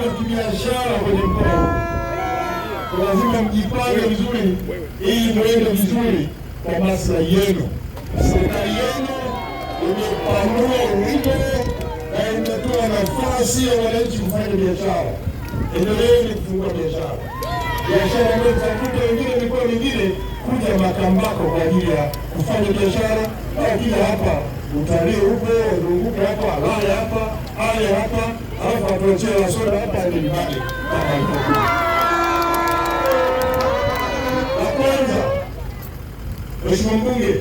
mashirika ya kibiashara kwenye mkoa, lazima mjipange vizuri ili mwende vizuri kwa maslahi yenu. Serikali yenu imepanua wito na imetoa nafasi ya wananchi kufanya biashara. Endeleeni kufungua biashara, biashara ambayo tafuta wengine mikoa mingine kuja Makambako kwa ajili ya kufanya biashara, lakini hapa utalii huko, zunguka hapa, laya hapa, haya hapa hapa tuachie soda hapa ni mbali la kwanza. Mheshimiwa Mbunge,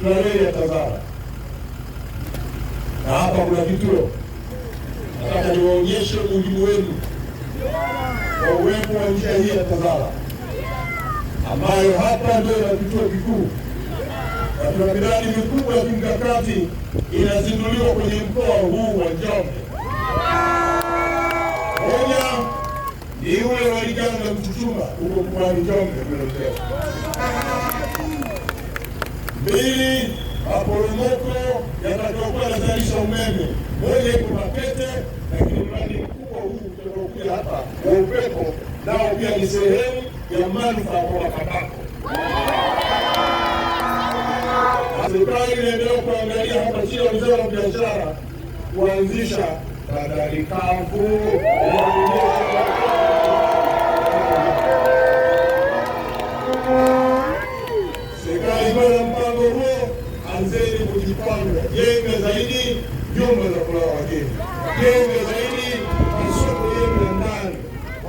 tuna reli ya TAZARA na hapa kuna vituo. Nataka niwaonyeshe umuhimu wenu wa uwepo wa njia hii ya TAZARA ambayo hapa ndio ina kituo kikuu na tuna miradi mikubwa ya kimkakati inazinduliwa kwenye mkoa huu wa Njombe. Kenya ni ule waliganga kuchuchuma huko kwa mitonge kuelekea mbili maporomoko yatakayokuwa yanazalisha umeme. Moja iko Makete, lakini mradi mkubwa huu utakaokuja hapa wa upepo nao pia ni sehemu ya manufaa kwa Makambako. Serikali inaendelea kuangalia hapa chini ya wizara ya biashara kuanzisha Bahari kavu serikali bana, mpango huo anzeni kujipanga, jenga zaidi nyumba za kulala wageni, jenga zaidi masoko yenu ya ndani.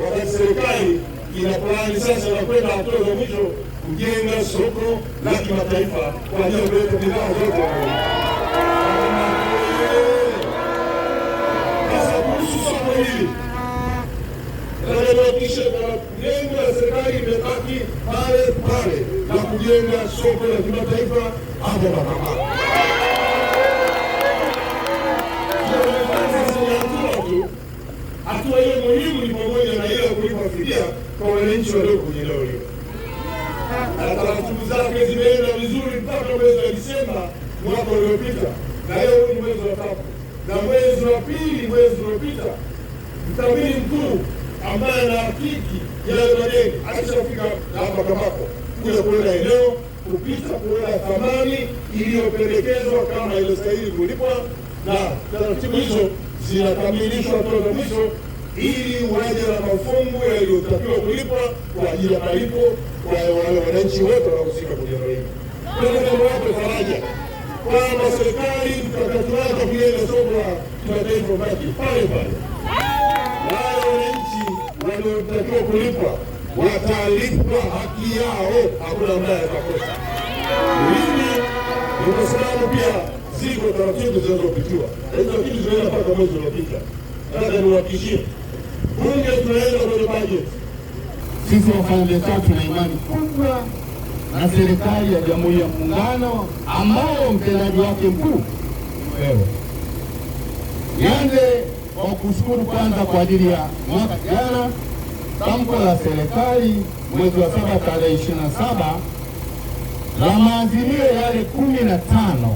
Wakati serikali ina plani sasa na kwenda hatua za mwisho kujenga soko la kimataifa kwa ajili ya kuleta bidhaa zote mbili anayohakikisha kwamba lengo la serikali imebaki pale pale na kujenga soko la kimataifa hapo Makambako. Hatua hiyo muhimu ni pamoja na ile kulipa fidia kwa wananchi walioko kwenye eneo hilo, na taratibu zake zimeenda vizuri mpaka mwezi wa Disemba mwaka uliopita, na leo ni mwezi wa tatu na mwezi wa pili mwezi uliopita mtawili mkuu ambaye anaafiki yale madeni akishafika hapa Kambako kuja kuona eneo kupita kuona thamani iliyopendekezwa kama inastahili kulipwa, na taratibu hizo zinakamilishwa hatua za mwisho ili waje na mafungu yaliyotakiwa kulipwa kwa ajili ya malipo wale wananchi wote wanaohusika kwenye eneo hili. Wape faraja kwamba serikali mkakati wake kujenga soko la kimataifa baki pale pale waliotakiwa kulipwa watalipwa haki yao, hakuna ambaye atakosa. Hivi ni kwa sababu pia ziko taratibu zinazopitiwa, hizo kitu zinaenda mpaka mwezi uliopita. Nataka niwahakikishie bunge tunaenda kwenye bajeti. Sisi wafanyabiashara tuna imani kubwa na serikali ya Jamhuri ya Muungano ambayo mtendaji wake mkuu wewe Yande kwa kushukuru kwanza kwa ajili ya mwaka jana, tamko la serikali mwezi wa saba tarehe 27 la maazimio yale kumi na tano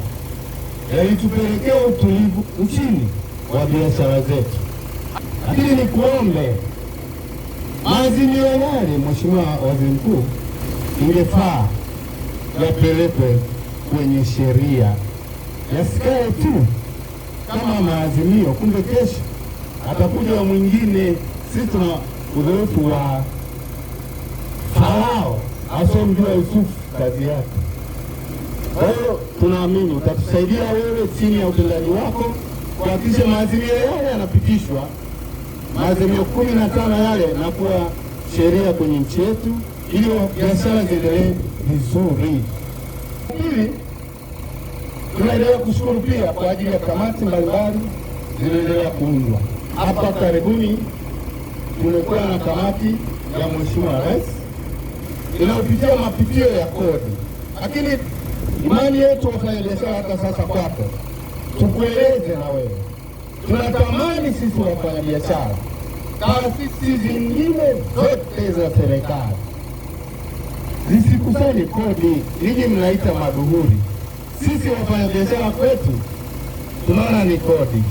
yalitupelekea utulivu nchini wa biashara zetu, lakini ni kuombe maazimio yale, Mheshimiwa Waziri Mkuu, ingefaa yapelekwe kwenye sheria, yasikae tu kama maazimio, kumbe kesho atakuja mwingine. Sisi tuna udhaifu wa Farao asiyemjua Yusufu kazi yake. Kwa hiyo tunaamini utatusaidia wewe chini ya utendaji wako kuhakikisha maazimio yale yanapitishwa, maazimio kumi na tano yale na kuwa sheria kwenye nchi yetu, ili biashara ziendelee vizuri. Pili, tunaendelea kushukuru pia kwa ajili ya kamati mbalimbali zinaendelea kuundwa. Hapa karibuni tulikuwa na kamati ya Mheshimiwa Rais inayopitia mapitio ya kodi, lakini imani yetu wafanyabiashara, hata sasa kwako tukueleze na wewe, tunatamani sisi wafanyabiashara, taasisi zingine zote za serikali zisikusanye kodi, ninyi mnaita maduhuri. Sisi wafanyabiashara kwetu tunaona ni kodi.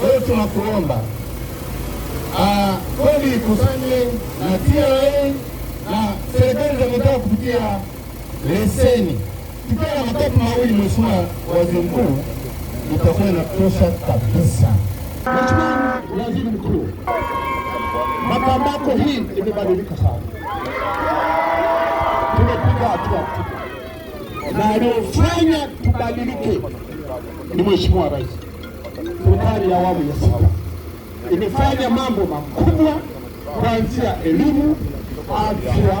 Kwa hiyo tunakuomba Ah, kodi ikusanywe na TRA na serikali za mitaa kupitia leseni. Tukiwa na makopo mawili, Mheshimiwa Waziri Mkuu, itakuwa inatosha kabisa. Mheshimiwa Waziri Mkuu, Makambako hii imebadilika sana, tumepiga hatua na aliyofanya tubadilike ni Mheshimiwa Rais, serikali ya awamu ya sita imefanya mambo makubwa kuanzia elimu, afya,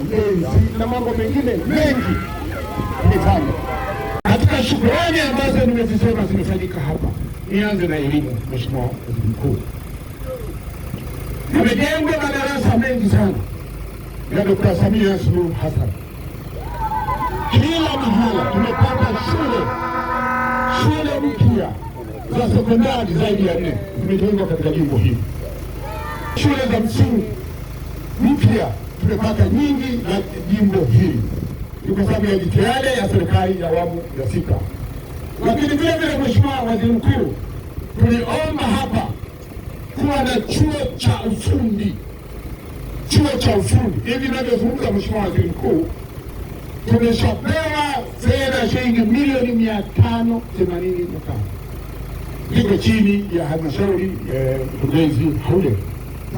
ujenzi na mambo mengine mengi imefanya. Katika shukurani ambazo nimezisema zimefanyika hapa, nianze na elimu. Mheshimiwa Waziri Mkuu, imejengwa madarasa mengi sana ya Dokta Samia Suluhu Hassan. Kila mahala tumepata shule shule mpya za sekondari zaidi ya nne zimejengwa katika jimbo hili. Shule za msingi mpya tumepata nyingi na jimbo hili, ni kwa sababu ya jitihada ya serikali ya awamu ya sita. Lakini vile vile, Mheshimiwa Waziri Mkuu, tuliomba hapa kuwa na chuo cha ufundi, chuo cha ufundi. Hivi inavyozungumza, Mheshimiwa Waziri Mkuu, tumeshapewa fedha shilingi milioni mia tano themanini na tano iko chini ya halmashauri mkurugenzi eh, haule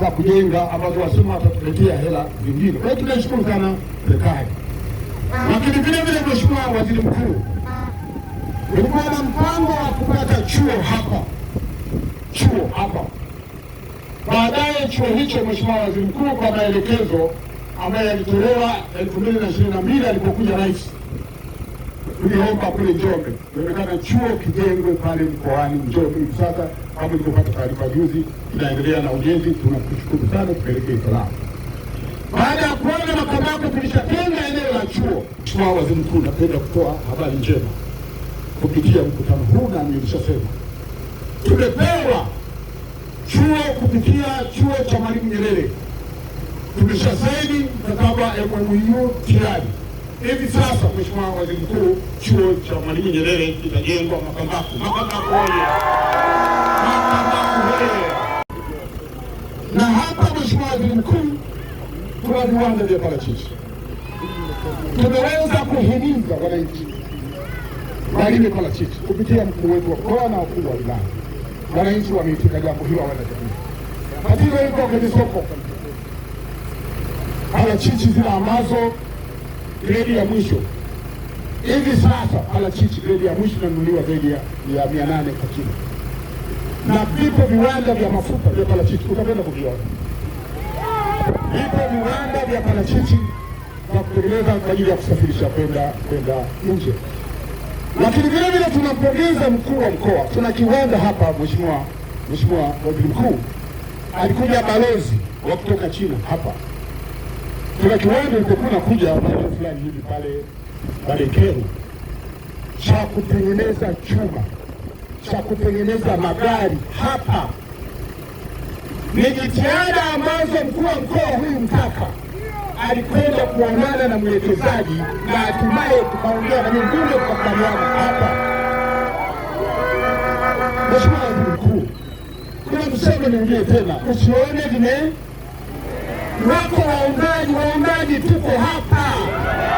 za kujenga ambazo wasema watatuletea hela zingine. Kwa hiyo tunashukuru sana serikali, lakini vile vile Mheshimiwa Waziri Mkuu, ulikuwa na mpango wa kupata chuo hapa chuo hapa baadaye. Chuo hicho Mheshimiwa Waziri Mkuu, kwa maelekezo ambayo yalitolewa elfu mbili na ishirini na mbili alipokuja rais tuliomba kule Njombe, inaonekana chuo kijengwe pale mkoani Njombe. Hivi sasa kama ilivyopata taarifa juzi, tunaendelea na ujenzi. Tunakushukuru sana, tupelekee salamu. Baada ya kuona Makambako tulishatenga eneo la chuo. Mheshimiwa Waziri Mkuu, napenda kutoa habari njema kupitia mkutano huu, na nilishasema tumepewa chuo kupitia chuo cha Mwalimu Nyerere, tulishasaini mkataba MMU tayari Hivi sasa Mheshimiwa Waziri Mkuu, chuo cha Mwalimu Nyerere kitajengwa Makambaku. Makambaku oye! Makambaku oye! Na hapa Mheshimiwa Waziri Mkuu, tuna viwanda vya parachichi. Tumeweza kuhimiza wananchi walime parachichi kupitia mkuu wetu wa mkoa na wakuu wa wilaya. Wananchi wameitika jambo hilo, hawana jamii. Tatizo liko kwenye soko, parachichi zile ambazo gredi ya mwisho hivi sasa parachichi gredi ya mwisho inanunuliwa gredi ya mia nane kwa kilo, na vipo viwanda vya mafuta vya parachichi, utakwenda kuviona. Vipo viwanda vya parachichi vya kutengeneza kwa ajili ya kusafirisha kwenda kwenda nje. Lakini vile vile tunampongeza mkuu wa mkoa, tuna kiwanda hapa, mheshimiwa mheshimiwa waziri mkuu, alikuja balozi wa kutoka China hapa wakati wangu nilipokuwa nakuja maeneo fulani hivi pale pale Kero, cha kutengeneza chuma cha kutengeneza magari hapa ni jitihada ambazo mkuu wa mkoa huyu Mtaka alikwenda kuonana na mwekezaji na hatimaye tukaongea na nyingine tukakubaliana hapa. Mheshimiwa Waziri Mkuu, kuna msemo mwingine tena, usione vine wako waombaji, waombaji tuko hapa.